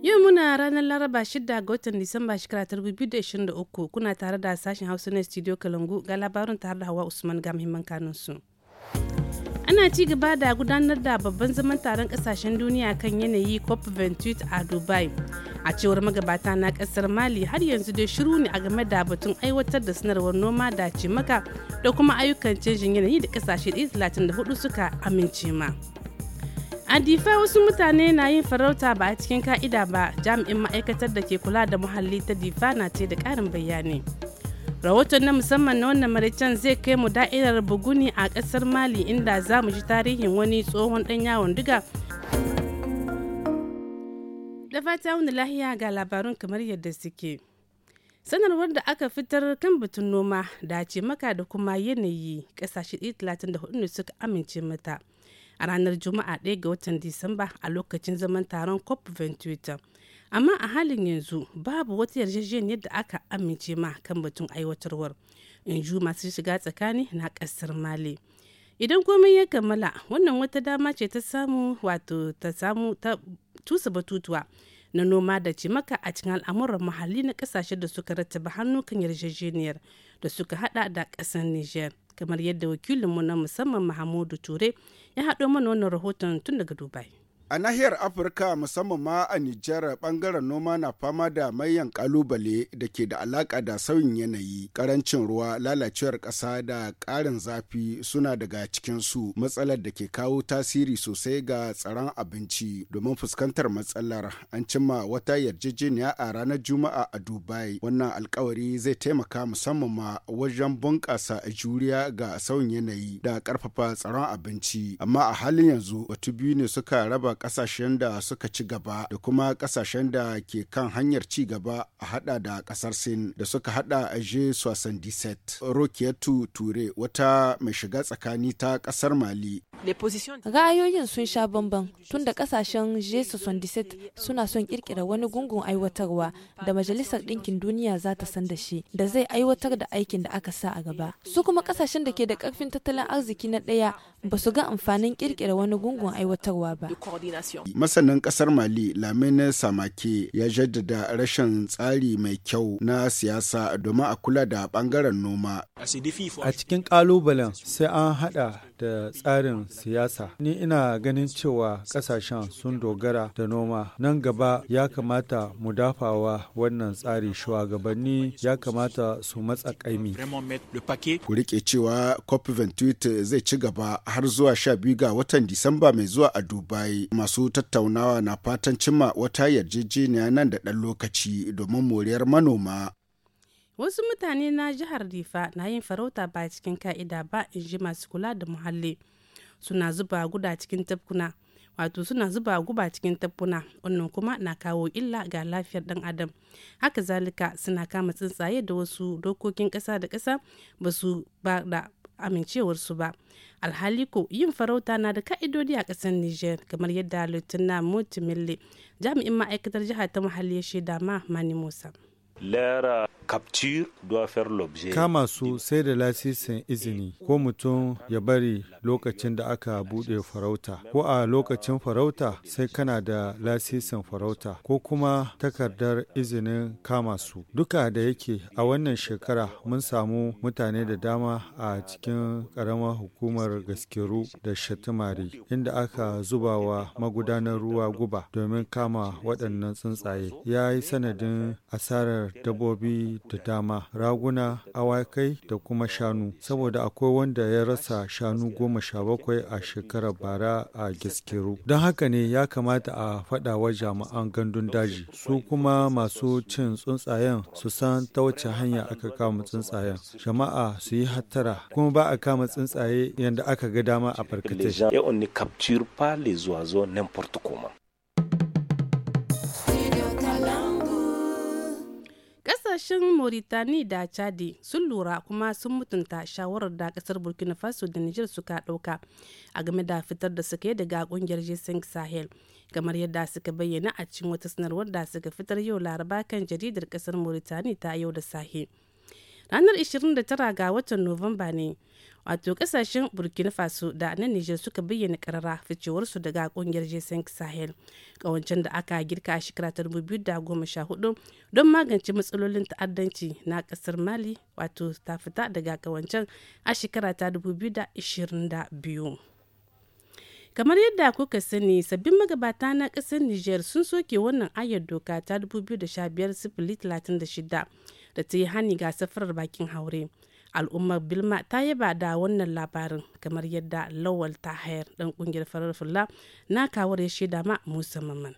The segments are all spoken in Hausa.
Yau muna ranar Laraba 6 ga watan Disamba shekara 2023 kuna tare da sashen Hausa na Studio Kalangu ga labarin tare da Hawa Usman ga muhimman kanunsu. Ana ci gaba da gudanar da babban zaman taron kasashen duniya kan yanayi COP28 a Dubai. a cewar magabata na kasar mali har yanzu dai shiru ne a game da batun aiwatar da sanarwar noma da cimaka da kuma ayyukan canjin yanayi da kasashe 134 suka amince ma a difa wasu mutane na yin farauta ba a cikin ka'ida ba jami'in ma'aikatar da ke kula da muhalli ta difa na ce da karin bayani rahoton na musamman na wannan maraicen zai kai mu da'irar buguni a kasar mali inda za mu ji tarihin wani tsohon dan yawon diga da fata wani lahiya ga labarun kamar yadda suke. sanarwar da aka fitar kan batun noma da ce maka da kuma yanayi kasashe 34 ne suka amince mata a ranar juma'a 1 ga watan disamba a lokacin zaman taron cop 28 amma a halin yanzu babu wata yarjejeniyar yadda aka amince ma kan batun aiwatarwar in ju masu shiga tsakani na kasar mali idan komai ya kammala wannan wata dama ce ta samu wato ta samu ta tusa batutuwa na noma da jimaka a cikin al'amuran muhalli na kasashe da suka rattaba hannu kan yarjejeniyar da suka hada da kasar niger kamar yadda wakilinmu na musamman mahamudu ture ya haɗo mana wannan rahoton tun daga dubai A nahiyar Afirka musamman ma a Nijar bangaren noma na fama da mayan kalubale da ke da alaka da sauyin yanayi, karancin ruwa, lalacewar ƙasa da ƙarin zafi suna daga cikinsu matsalar da ke kawo tasiri sosai ga tsaron abinci. Domin fuskantar matsalar an cimma wata yarjejeniya a ranar Juma'a a Dubai. Wannan alkawari zai taimaka musamman ma wajen bunƙasa juriya ga sauyin yanayi da ƙarfafa tsaron abinci. Amma a halin yanzu watu biyu ne suka raba kasashen da suka ci gaba da kuma kasashen da ke kan hanyar ci gaba a hada da kasar sin da suka hada a je swasan diset rokiyatu ture wata mai shiga tsakani ta kasar mali ra'ayoyin sun sha bamban tun da kasashen je suna son kirkira wani gungun aiwatarwa da majalisar ɗinkin duniya za ta san da shi da zai aiwatar da aikin da aka sa a gaba su kuma kasashen da ke da karfin tattalin arziki na ɗaya ba su ga amfanin kirkira wani gungun aiwatarwa ba coordination. Masanin kasar Mali Lamine Samake ya jaddada rashin tsari mai kyau na siyasa domin a kula da bangaren noma. A cikin kalubalen sai an hada da tsarin siyasa. Ni ina ganin cewa kasashen sun dogara da noma. Nan gaba ya kamata mu dafawa wannan tsari shugabanni ya kamata su matsa kaimi. Ku rike cewa COP28 zai ci gaba har zuwa 12 ga watan Disamba mai zuwa a Dubai. Masu tattaunawa na fatan cimma wata yarjejeniya nan da ɗan lokaci domin moriyar manoma wasu mutane na jihar rifa na yin farauta ba cikin ka'ida ba in ji masu kula da muhalli suna zuba guda cikin tafkuna wato suna zuba guba cikin tafkuna wannan kuma na kawo illa ga lafiyar dan adam haka zalika suna kama tsuntsaye da wasu dokokin kasa da kasa ba su ba da amincewarsu ba alhali ko yin farauta na da ka'idodi a ƙasar niger kamar yadda lieutenant mutumille jami'in ma'aikatar jihar ta muhalli ya shaida ma mani musa Lera capture Kama su sai da lasisin izini ko mutum ya bari lokacin da aka bude farauta ko a lokacin farauta sai kana da lasisin farauta ko kuma takardar izinin kama su. Duka da yake a wannan shekara mun samu mutane da dama a cikin karamar hukumar gaskeru da shatimari inda aka zubawa magudanar ruwa guba domin kama waɗannan tsuntsaye ya yi sanadin asarar dabbobi da dama raguna awakai da kuma shanu saboda akwai wanda ya rasa shanu goma sha bakwai a shekarar bara a gaskiru don haka ne ya kamata a faɗa wa jami'an gandun daji su kuma masu cin tsuntsayen su san ta wacce hanya aka kama tsuntsayen jama'a su yi hattara kuma ba a kama tsuntsaye yadda aka ga dama a farkatai Kasashen Mauritani da Chadi sun lura kuma sun mutunta shawarar da kasar Burkina Faso da niger suka dauka a game da fitar da suka yi daga kungiyar g Sahel. Kamar yadda suka bayyana a cikin wata sanarwar da suka fitar yau Laraba kan jaridar kasar Mauritani ta yau da sahi. Ranar 29 ga watan Nuwamba ne wato kasashen burkina faso da na nijar suka bayyana karara ficewarsu daga kungiyar jason sahel kawancin da aka girka a shekara ta hudu don magance matsalolin ta'addanci na kasar mali wato ta fita daga kawancin a shekara ta biyu. kamar yadda kuka sani sabbin magabata na kasar niger sun soke wannan ayar doka ta 2015 da ta yi hani ga safarar bakin haure al'ummar bilma ta yaba da wannan labarin kamar yadda lawal ta hayar dan ƙungiyar farar fulla na kawar ya shaida ma musamman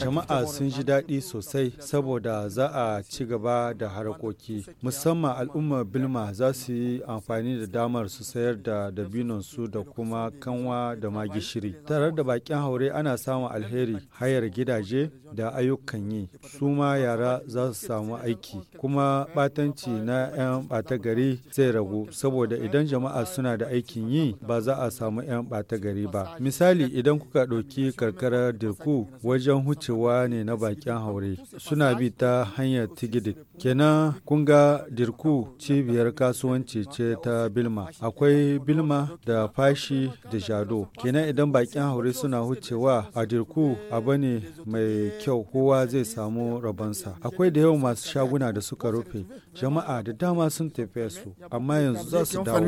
Jama'a sun ji daɗi sosai saboda za a ci gaba da harkoki. Musamman al'ummar Bilma za su yi amfani da damar su sayar da dabinonsu da kuma kanwa da ma gishiri. Tare da bakin haure ana samun alheri hayar gidaje da ayyukan yi. Su ma yara za su samu aiki. Kuma batanci na 'yan bata gari zai ragu saboda idan jama'a suna da aikin yi ba za a samu 'yan batagari gari ba. Misali idan kuka ɗauki karkarar dirku wajen hucewa ne na bakin haure suna bi ta hanyar tigidik kenan kunga dirku cibiyar kasuwanci ce ta bilma akwai bilma da fashi da jado kenan idan bakin haure suna hucewa a dirku abu ne mai kyau kowa zai samu rabonsa akwai da yawan masu shaguna da suka rufe jama'a da dama sun tafi su amma yanzu za su dawo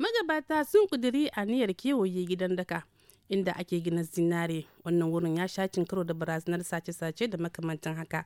magabata sun kudiri aniyar kewaye gidan daka inda ake gina zinare wannan wurin ya sha cin karo da barazanar sace-sace da makamantan haka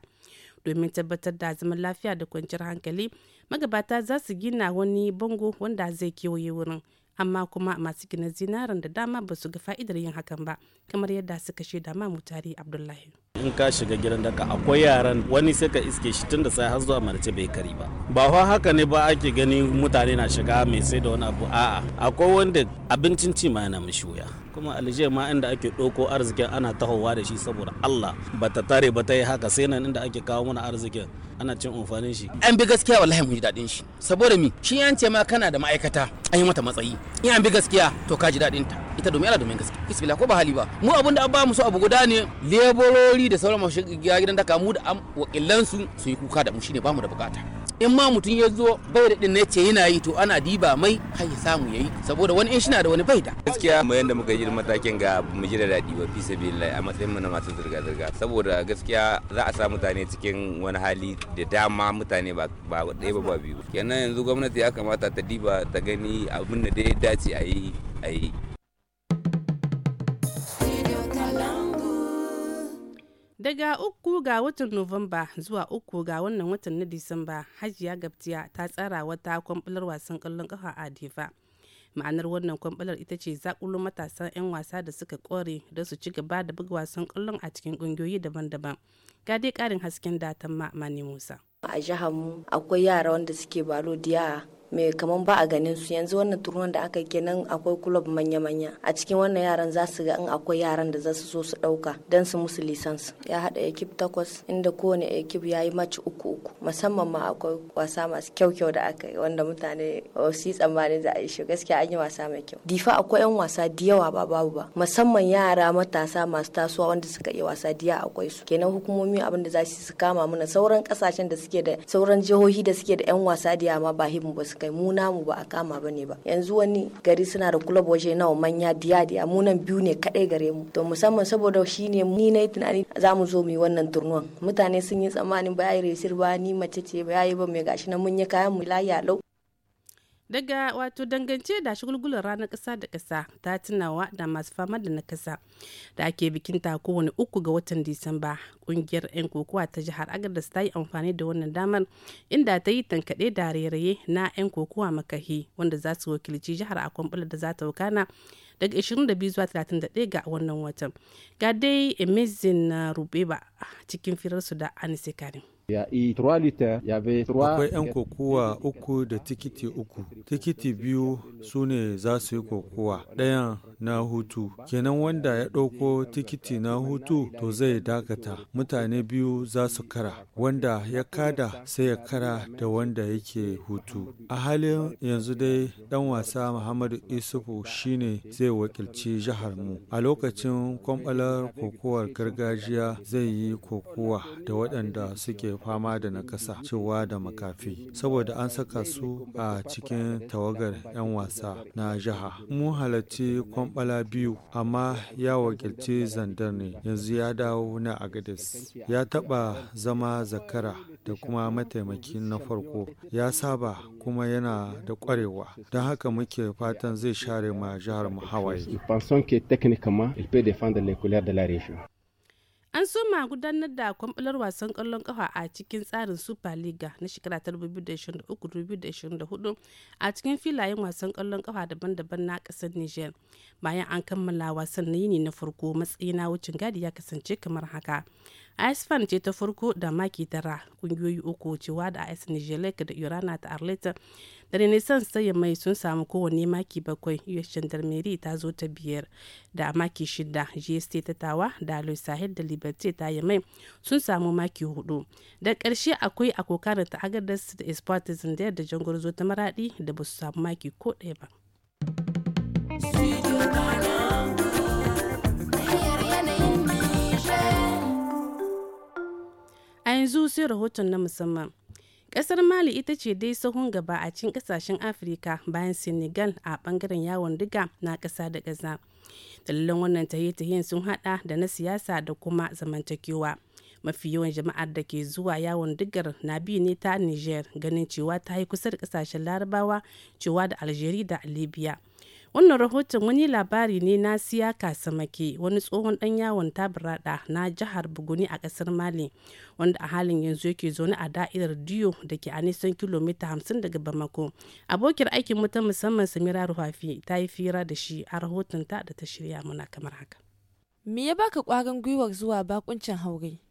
domin tabbatar da zaman lafiya da kwanciyar hankali magabata za su gina wani bango wanda zai kewaye wurin amma kuma masu gina zinaren da dama ba su ga fa'idar yin hakan ba kamar yadda suka shaida ma mutari abdullahi in ka shiga gidan daka akwai yaran wani sai ka iske shi tun da sai har zuwa marce bai kari ba ba fa haka ne ba ake gani mutane na shiga mai sai da wani abu a'a akwai wanda abincin ci ma yana mishi wuya kuma alije ma inda ake ɗauko arzikin ana tahowa da shi saboda allah ba ta tare ba ta yi haka sai nan inda ake kawo mana arzikin ana cin amfanin shi an bi gaskiya wallahi mun ji daɗin shi saboda mi shi yan ce ma kana da ma'aikata an yi mata matsayi in an bi gaskiya to ka ji daɗin ta ita domin ala domin gaskiya bismillah ko ba hali ba mu abin da an ba mu so abu guda ne leborori da sauran masu gidan daka mu da wakilan su su yi kuka da mu shine ba mu da bukata in ma mutum ya zo bai da ɗin ce yana yi to ana diba mai kai ya samu yayi saboda wani in shina da wani bai da gaskiya mu yanda muka yi matakin ga mu ji da dadi wa fi sabilillah a matsayin mu na masu zirga zirga saboda gaskiya za a sa mutane cikin wani hali da dama mutane ba ba ɗaya ba ba biyu kenan yanzu gwamnati ya kamata ta diba ta gani abin da ya dace a yi a yi Daga uku ga watan Nuwamba zuwa uku ga wannan watan na Disamba, Hajiya Gabtiya ta tsara wata kwamfular wasan kallon kafa a Difa. Ma'anar wannan kwamfular ita ce zakulo matasan 'yan wasa da suka kore da su ci gaba da buga wasan kallon a cikin ƙungiyoyi daban-daban. Ga dai ƙarin hasken datan ma Musa. a jihar mu akwai yara wanda suke balo diya mai kaman ba a ganin su yanzu wannan turnuwan da aka kenan akwai kulob manya-manya a cikin wannan yaran za su ga in akwai yaran da za su so su ɗauka dan su musu lisans ya haɗa ekip takwas inda kowane ekip ya yi maci uku uku musamman ma akwai wasa masu kyau kyau da aka yi wanda mutane su yi tsammanin za a yi shi gaskiya an yi wasa mai kyau difa akwai yan wasa da yawa ba babu ba musamman yara matasa masu tasowa wanda suka yi wasa diya akwai su kenan hukumomi abin da za su kama mana sauran kasashen da suke da sauran jihohi da suke da yan wasa diya ma ba himu ba suka kai mu namu ba a kama bane ba yanzu wani gari suna da club waje nawa manya diya diya mu nan biyu ne kadai gare mu to musamman saboda shi ne ni na yi tunani za mu zo mu yi wannan turnuwan mutane sun yi tsammanin ba yayi resir ba ni mace ce ba yi ba mai gashi na mun yi kayan mu lafiya lau daga wato dangance da shagulgulan ranar ƙasa da kasa ta tunawa da masu fama da nakasa da ake bikin ta kowane uku ga watan disamba ƙungiyar 'yan kokowa ta jihar agadas ta yi amfani da wannan damar inda ta yi tankaɗe da rairaye na 'yan kokowa makahi wanda za su wakilci jihar a kwamfula da za ta wakana daga 22 zuwa 31 ga wannan watan ga dai na rubeba cikin firarsu da anise karim Akwai 'yan kokowa uku da tikiti uku. Tikiti biyu su ne za su yi kokowa, ɗayan na hutu. Kenan wanda ya ɗauko tikiti na hutu to zai dakata. Mutane biyu za su kara, wanda ya kada sai ya kara da wanda yake hutu. A halin yanzu dai ɗan wasa Muhammadu Isufu shine zai wakilci jihar mu. A lokacin kwamɓalar kokowar gargajiya zai yi kokowa da waɗanda suke fama da nakasa cewa da makafi saboda an saka su a cikin tawagar 'yan wasa na jiha mun halarci kwamfala biyu amma ya wakilci zandar ne yanzu ya dawo na agadis ya taɓa zama zakara da kuma mataimaki na farko ya saba kuma yana da kwarewa don haka muke fatan zai share ma jihar mu hawaye. an soma gudanar da kwamfular wasan kwallon kafa a cikin tsarin super league na shekara ta 2023-2024 a cikin filayen wasan kwallon kafa daban-daban na kasar niger bayan an kammala wasan na yini na farko matsayi na wucin gadi ya kasance kamar haka asfan ce ta farko da maki tara kungiyoyi uku cewa da as nigelec da urana ta arleta da renaissance ta mai sun samu kowane maki bakwai us gendarmerie ta zo ta biyar da maki shida gst ta tawa da Louis sahel da liberté ta mai sun samu maki hudu da karshe akwai da ta agadas da Zindiyar da jangurzo ta maradi da ba su samu maki ko ɗaya ba. yanzu sai rahoton na musamman. Kasar Mali ita ce dai sahun gaba a cikin kasashen Afirka bayan Senegal a bangaren yawon diga na kasa da ƙasa. Dalilan wannan tahiye-tahiyen sun hada da na siyasa da kuma zamantakewa. Mafi yawan jama'ar da ke zuwa yawon digar na biyu ne ta Niger ganin cewa ta yi kusa da kasashen Larabawa cewa da Algeria da Libya. wannan rahoton wani labari ne na siya kasamake wani tsohon dan yawon tabirada na jihar buguni a kasar mali wanda a halin yanzu yake zaune a da'irar diyo da ke a nisan kilomita hamsin daga bamako abokiyar aikin mu ta musamman samira ruhafi ta yi fira da shi a rahoton ta da ta shirya muna kamar haka me ya baka kwarin gwiwar zuwa bakuncin haure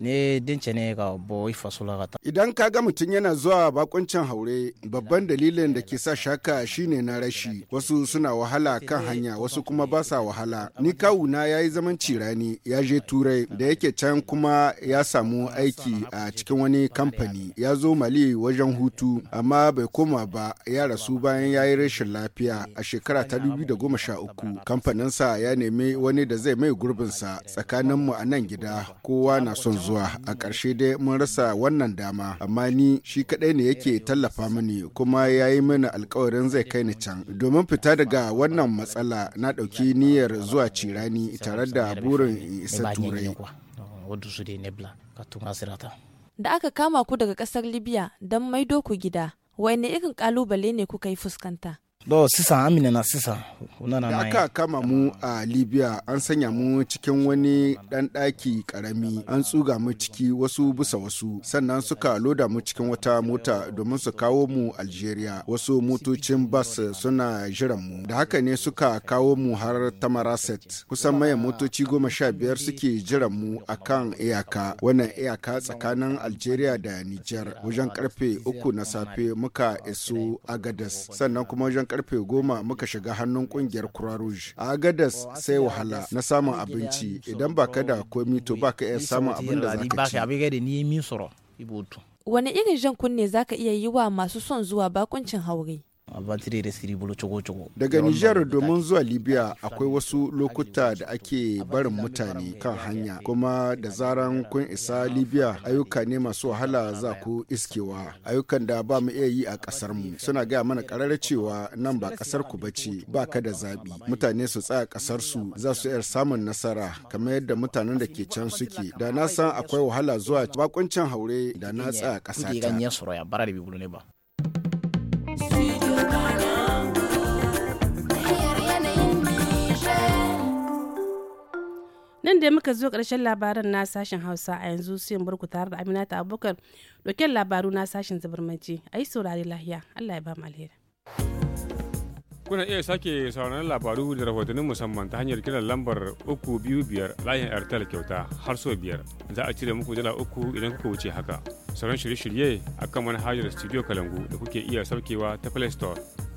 ne dince ne ka bɔ i faso idan ka ga mutum yana zuwa bakuncin haure babban dalilin da ke sa shaka shine na rashi wasu suna wahala kan hanya wasu kuma ba sa wahala ni na ya yi zaman cirani ya je turai da yake can kuma ya samu aiki a cikin wani kamfani ya zo mali wajen hutu amma bai koma ba ya rasu bayan yayi rashin lafiya a shekara ta uku sa ya nemi wani da zai mai gurbin sa tsakanin mu a nan gida kowa na son zuwa a ƙarshe dai mun rasa wannan dama amma ni shi kaɗai ne yake tallafa mani kuma ya yi mini alkawarin zai kai ni can domin fita daga wannan matsala na ɗauki niyyar zuwa cirani tare da burin isa turai da aka kama ku daga ƙasar libya don maido ku gida wani irin ƙalubale ne kuka yi fuskanta sisan an minɛna sisan u nana da aka kama mu a libya an sanya mu cikin wani dan daki karami an tsuga mu ciki wasu bisa wasu sannan suka loda mu cikin wata mota domin su kawo mu algeria wasu motocin bas suna jiran mu da haka ne suka kawo mu har tamaraset kusan maye motoci goma sha biyar suke jiran mu a kan iyaka wannan iyaka tsakanin algeria da niger wajen karfe uku na safe muka iso agadas sannan kuma wajen karfe goma muka shiga hannun kungiyar Croix A Agadas sai wahala na samun abinci idan ba ka da komi to ba ka iya samun abin da za ka ci. Wani irin jan kunne za ka iya yi wa masu son zuwa bakuncin haure? da cogo cogo. daga nijar domin zuwa libya akwai wasu lokuta da ake barin mutane kan hanya kuma da zaran kun isa libya ayyuka ne masu wahala za ku iskewa ayyukan da ba mu iya yi a kasar mu suna gaya mana karar cewa nan ba kasar ku bace ba ka da zabi mutane su tsaya kasar su za su iya samun nasara kamar yadda mutanen da ke can suke da na san akwai wahala zuwa bakuncin haure da na tsaya kasar ta nan da muka zo ƙarshen labaran na sashen hausa a yanzu sai mu barku tare da aminata abubakar ɗauken labaru na sashen zabarmanci a yi saurari lahiya allah ya ba mu alheri kuna iya sake sauraron labaru da rahotannin musamman ta hanyar kiran lambar 325 layin airtel kyauta har so biyar za a cire muku dala uku idan kuka wuce haka sauran shirye-shirye a kan manhajar studio kalangu da kuke iya saukewa ta play store